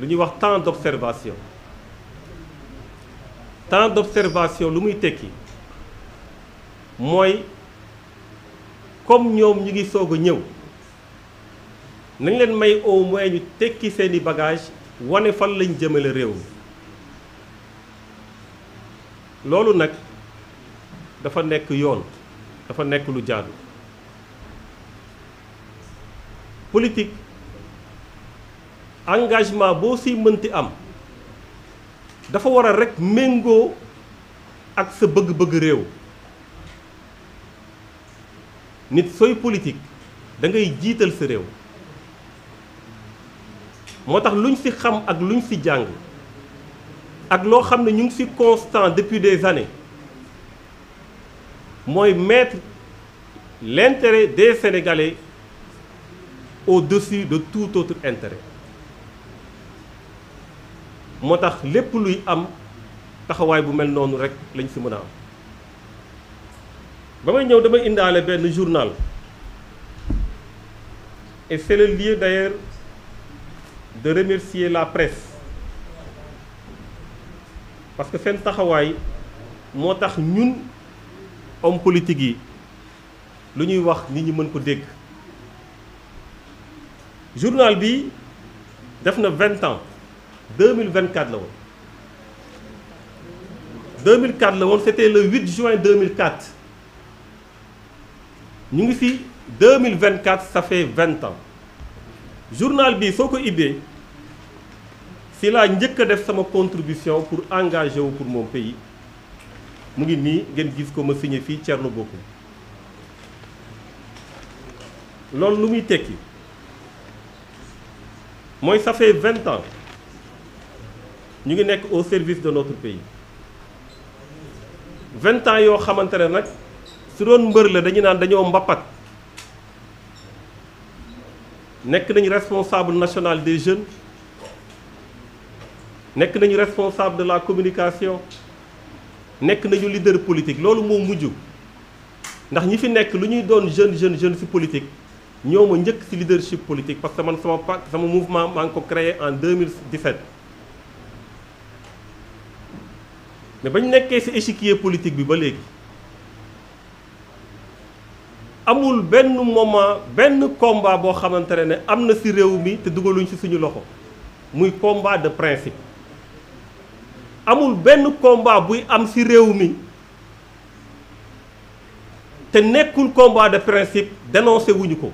lu ñuy wax temps d'observation temps d'observation lu muy tekki mooy comme ñoom ñu ngi soog a ñëw nañ leen may au moins ñu tekki seeni bagage wane fan lañ jëmale réew mi loolu nag dafa nekk yoon dafa nekk lu jaadu politique engagement boo si mënti am dafa war a rekk méngoo ak sa bëgg-bëgg réew nit sooy politique da ngay jiital sa réew moo tax luñ ci xam ak luñ ci jàng ak loo xam ne ñu ngi ci constant depuis des années mooy mettre l'intérêt des Sénégalais au-dessus de tout autre intérêt moo tax lépp luy am taxawaay bu mel noonu rek lañ si mën a am ba may ñëw damay indaale benn journal et c'est le de remercier la presse parce que seen taxawaay moo tax ñun homme politique yi lu ñuy wax nit ñi mën ko dégg journal bi def na vingt ans 2024 la woon 2004 la woon c'était le 8 juin 2004 ñu ngi ci 2024 ça fait 20 ans le journal bi soo ko ibbee ci laa njëkk a def sama contribution pour engager wu pour mon pays mu ngi nii ngeen gis ko ma signé fii Thierno Bocoum loolu lu muy tekki mooy ça fait ñu ngi nekk au service de notre pays vingt ans yoo xamante ne nag su doon mbër la dañu naan dañoo mbappat nekk nañu responsable national des jeunes nekk nañu responsable de la communication nekk nañu leader politique loolu moo mujj ndax ñi fi nekk lu ñuy doon jeune jeune jeune ci politique ñoo ma njëkk ci leadership politique parce que man sama pa sama mouvement maa ngi ko créé en mais bañ nekkee ci échiquier politique bi ba léegi amul benn moment benn combat boo xamante ne am na ci réew mi te dugaluñ ci suñu loxo muy combat de principe amul benn combat buy am ci réew mi te nekkul combat de principe dénoncé wuñu ko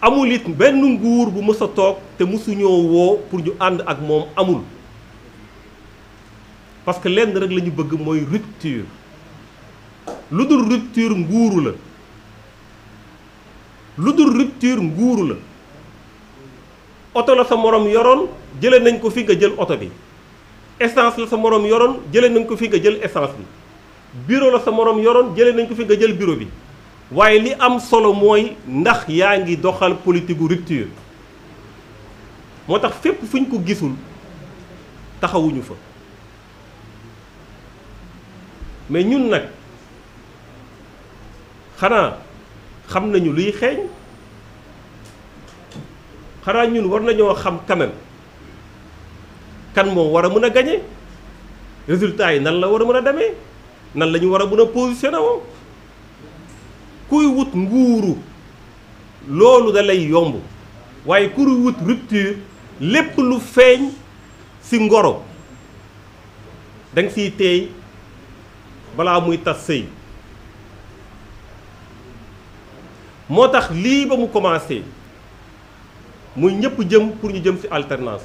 amul it benn nguur bu mësa toog te mësuñoo woo pour ñu ànd ak moom amul parce que lenn rek lañu bëgg mooy rupture lu dul rupture nguuru la lu dul rupture nguuru la oto la sa moroom yoroon jële nañ ko fi nga jël oto bi essence la sa moroom yoroon jëlee nañ ko fi nga jël essence bi bureau la sa moroom yoroon jëlee nañ ko fi nga jël bureau bi waaye li am solo mooy ndax yaa ngi doxal politique gu rupture moo tax fépp fu ñu ko gisul taxawuñu fa. mais ñun nag xanaa xam nañu luy xeeñ xanaa ñun war nañoo xam quand kan moo war a mën a gañe résultat yi nan la war a mën a demee nan la ñu war a mën a positionné woo kuy wut nguuru loolu dalay yomb waaye kuy wut rupture lépp lu feeñ ci ngoro danga ciy teey balaa muy tas sëy moo tax lii ba mu commencé muy ñëpp jëm pour ñu jëm ci alternance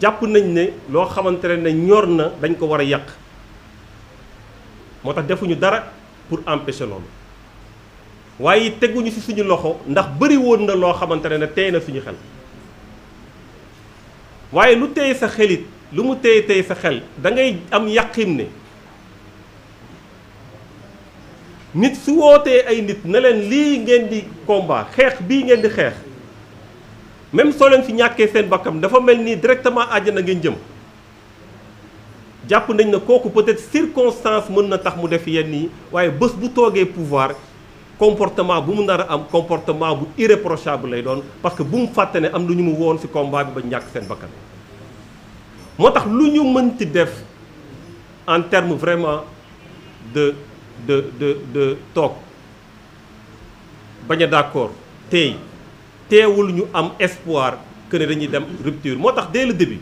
jàpp nañ ne loo xamante ne ñor na dañ ko war a yàq moo tax defuñu dara pour empêcher loolu waaye teguñu ci suñu loxo ndax bëri na loo xamante ne tey na suñu xel waaye lu tey sa xelit lu mu téye tey sa xel da ngay am yàqin ne nit su wootee ay nit na leen lii ngeen di combat xeex bii ngeen di xeex même soo leen fi ñàkkee seen bakkam dafa mel ni directement àjjana ngeen jëm jàpp nañ ne kooku peut-être circonstance mën na tax mu def yenn yi waaye bés bu toogee pouvoir comportement bu mu nar a am comportement bu irréprochable lay doon parce que bu mu fàtte ne am lu ñu mu woon ci combat bi ba ñàkk seen bakkan moo tax lu ñu mënti def en terme vraiment de de de de toog bañ a d'accord tey teewul ñu am espoir que dañuy dem rupture moo tax dès le début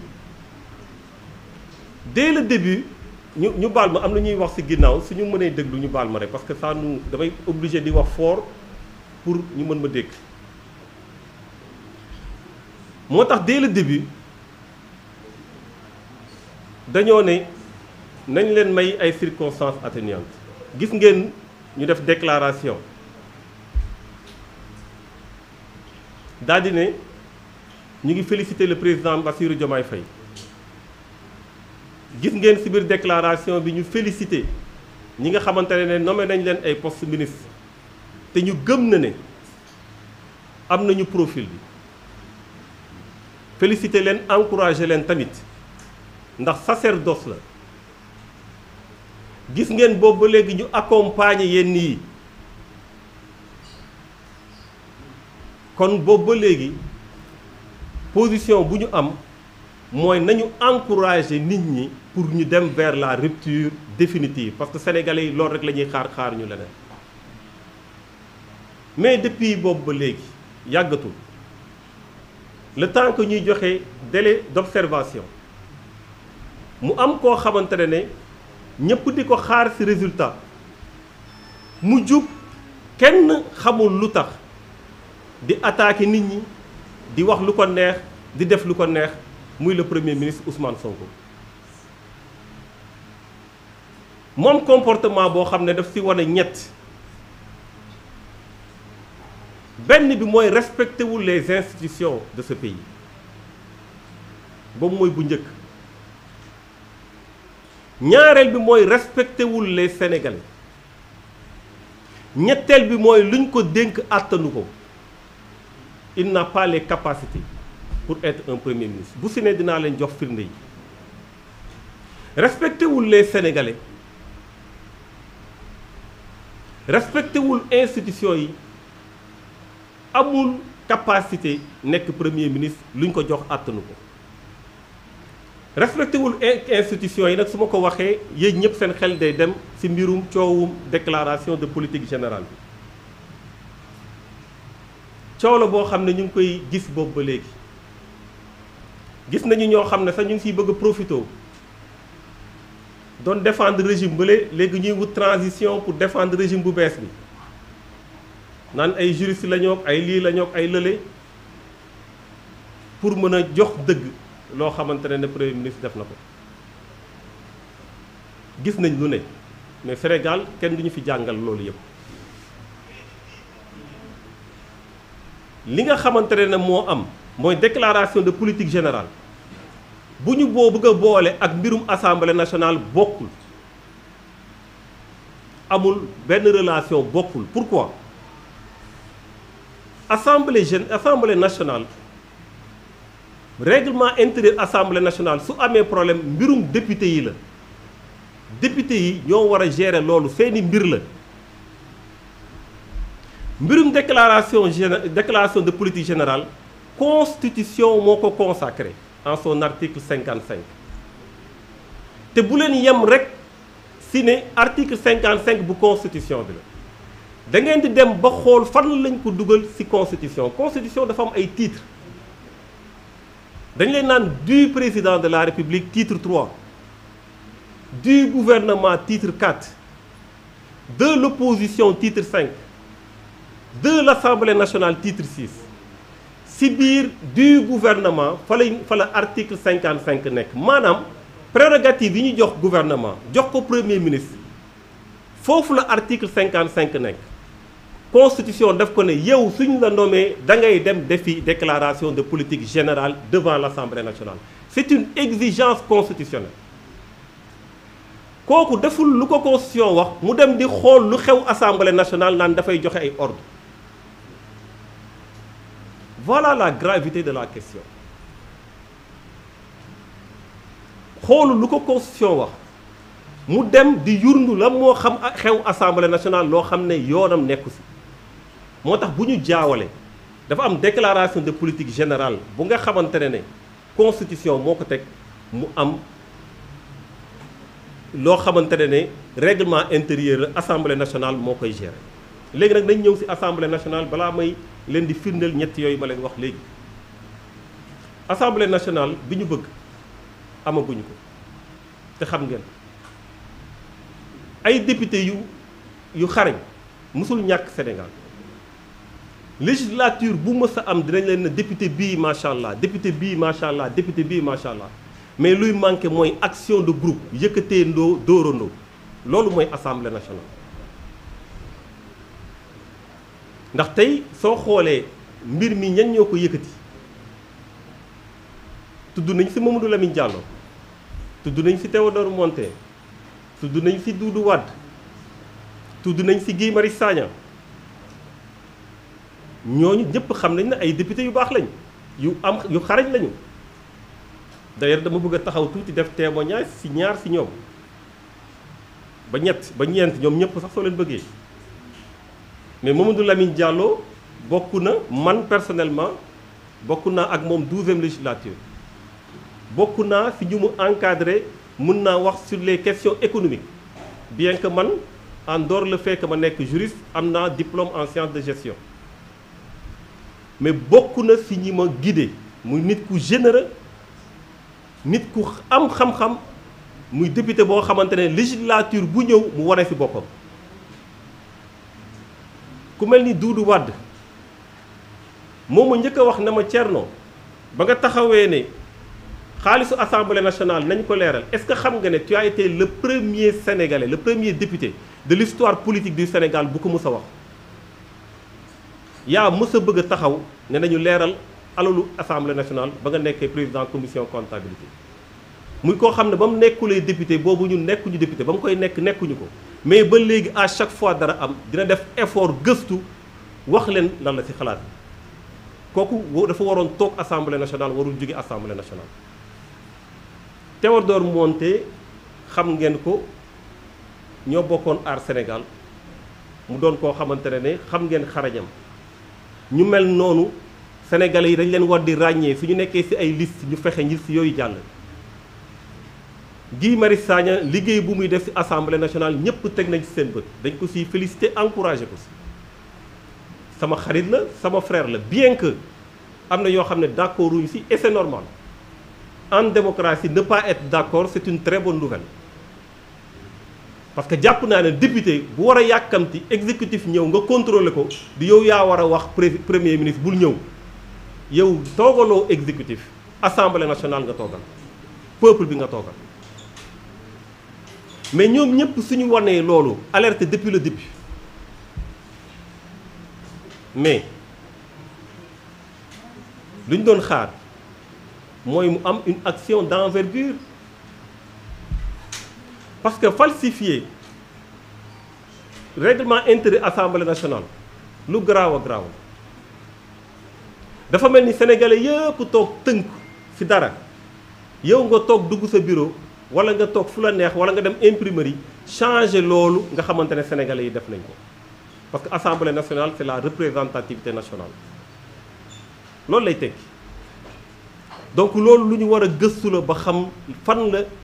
dès le début ñu ñu baal ma am na ñuy wax ci ginnaaw ñu mënee déglu ñu baal ma rek parce que saa nous damay obligé di wax foor pour ñu mën ma dégg moo tax dès le début dañoo ne nañ leen may ay circonstances atténuantes gis ngeen ñu def déclaration daal ne ñu ngi féliciter le président Bassirou Diomaye Faye gis ngeen ci biir déclaration bi ñu féliciter ñi nga xamante ne nommé nañ leen ay poste ministre te ñu gëm na ne am nañu profil bi féliciter leen encourager leen tamit ndax sacerdoce la gis ngeen boobu léegi ñu accompagner yenn yi kon boobu ba léegi position bu ñu am mooy nañu encourager nit ñi pour ñu dem vers la rupture définitive parce que sénégalais yi loolu rek la ñuy xaar xaar ñu leneen mais depuis boobu ba léegi yàggatul le temps que ñuy joxe délai d'observation mu am koo xamante ne ñëpp di ko xaar ci résultat mu jug kenn xamul lu tax di attaquer nit ñi di wax lu ko neex di def lu ko neex muy le premier ministre Ousmane Sonko. moom comportement boo xam ne daf ci wane ñett benn bi mooy respecté wul les institutions de ce pays boobu mooy bu njëkk. ñaareel bi mooy respecté wul les sénégalais ñetteel bi mooy luñ ko dénk àttanu ko il n'a pas pour être un premier ministre bu si ne dinaa leen jox firnde yi respecté wul les sénégalais respecté wul institution yi amul capacité nekk premier ministre luñ ko jox àttanu ko. respecté wul institution yi nag su ma ko waxee yéen ñëpp seen xel day dem ci mbirum coowum déclaration de politique général bi coow la boo xam ne ñu ngi koy gis boobu ba léegi gis nañu ñoo xam ne sax ñu ngi ciy bëgg a profité doon défendre régime bële léegi ñuy wut transition pour défendre régime bu bees bi naan ay juriste lañoo ñoo ay lii la ñoo ay lële pour mën a jox dëgg. loo xamante ne premier ministre def na ko gis nañ lu ne mais Sénégal kenn du ñu fi jàngal loolu yëpp li nga xamante ne moo am mooy déclaration de politique général bu ñu boo bëgg a boole ak mbirum assemblée nationale bokkul amul benn relation bokkul pourquoi assemblée jeune assemblée nationale. règlement intérieur assemblée nationale su amee problème mbirum député yi la député yi ñoo war a gérer loolu seeni mbir la mbirum déclaration géné déclaration de politique général constitution moo ko consacré en son article 55 te bu leen yem rek si ne article 55 bu constitution bi la da ngeen di dem ba xool fan lañ ko dugal si constitution constitution dafa am ay titre dañ leen naan du président de la république titre 3 du gouvernement titre 4 de l'opposition titre 5 de l'assemblée nationale titre 6 si biir du gouvernement fa lañ fa la article nekk maanaam prérogative yi ñu jox gouvernement jox ko premier ministre foofu la article 55 nekk constitution daf ko ne yow suñu la nommé da ngay dem defi déclaration de politique générale devant l'Assemblée nationale c'est une exigence constitutionnelle kooku deful lu ko constitution wax mu dem di xool lu xew assemblée nationale naan dafay joxe ay ordre voilà la gravité de la question xoolu lu ko constitution wax mu dem di yurndu la moo xam ak xew assemblée nationale loo xam ne yoonam nekku si moo tax bu ñu jaawale dafa am déclaration de politique général bu nga xamante ne ne constitution moo ko teg mu am loo xamante ne ne règlement intérieur la assemblée nationale moo koy ger léegi nag dañ ñëw ci assemblée nationale balaa may leen di firndeel ñett yooyu ba leen wax léegi assemblée nationale bi ñu bëgg amaguñu ko te xam ngeen ay député yu yu xarañ mosul ñàkk Sénégal législature bu mës a am dinañ leen ne député bii macha allah député bii macha allah député bii macha allah mais luy manqué mooy action de groupe yëkkatee ndoo dóorandoo loolu mooy assemblée nationale. ndax tey soo xoolee mbir mi ñan ñoo ko yëkkati tudd nañ fi Mamadou Lamine Diallo tudd nañ fi Théodore Monteil tudd nañ fi Doudou Wade tudd nañ fi Guy Marius ñooñu ñëpp xam nañ ne ay député yu baax lañ yu am yu xarañ lañu d'ailleurs dama bëgg a taxaw tuuti def témoignage si ñaar si ñoom ba ñett ba ñeent ñoom ñëpp sax soo leen bëggee mais Mamadou Lamine jàlloo bokk na man personnellement bokk naa ak moom douzième législature bokk naa si ñu mu encadré mën naa wax sur les questions économiques bien que man en dehors le fait ma nekk juriste am naa diplôme en sciences de gestion mais bokk na si ñi ma guidé muy nit ku généra nit ku am xam-xam muy député boo xamante ne législature bu ñëw mu waree fi boppam ku mel ni duudu wàdd moom ma njëkk wax na ma Thierno ba nga taxawee ne xaalisu assemblée nationale nañ ko leeral est-ce que xam nga ne tu as été le premier sénégalais le premier député de l'histoire politique du Sénégal bu ko mus a wax yaa mës a bëgg a taxaw ne nañu leeral alalu assemblée nationale ba nga nekkee président commission comptabilité muy koo xam ne ba mu nekkulee député boobu ñu nekkuñu député ba mu koy nekk nekkuñu ko mais ba léegi à chaque fois dara am dina def effort gëstu wax leen lan la ci xalaat kooku dafa waroon toog assemblée nationale warul jóge assemblée nationale Théodore Monteil xam ngeen ko ñoo bokkoon aar Sénégal mu doon koo xamante ne ne xam ngeen xarañam ñu mel noonu sénégalais yi dañ leen war di ràññee su ñu nekkee ci ay liste ñu fexe ñi ci yooyu jàll. Guy Marius Sagna liggéey bu muy def ci assemblée national ñëpp teg nañ ci seen bët dañ ko ciy félicité encouragé ko ci sama xarit la sama frère la bien que am na yoo xam ne d'accord wuñu ci et c'est normal en démocratie ne pas être d'accord c'est une très bonne nouvelle. parce que jàpp naa ne député bu war a yàkkamti exécutif ñëw nga contrôler ko di yow yaa war a wax premier ministre bul ñëw yow toogaloo exécutif assemblée nationale nga toogal peuple bi nga toogal mais ñoom ñëpp suñu wanee loolu alerte depuis le début mais lu doon xaar mooy mu am une action d'envergure parce que falsifier règlement intérieur assemblée national lu garaaw a garaaw dafa mel ni sénégalais yëpp toog tënk ci dara yow nga toog dugg sa bureau walla nga toog fu la neex walla nga dem imprimerie changer loolu nga xamante ne sénégalais yi def nañ ko parce que assemblée nationale c'est la représentativité nationale loolu lay tekki donc loolu lu ñu war a gëstu la ba xam fan la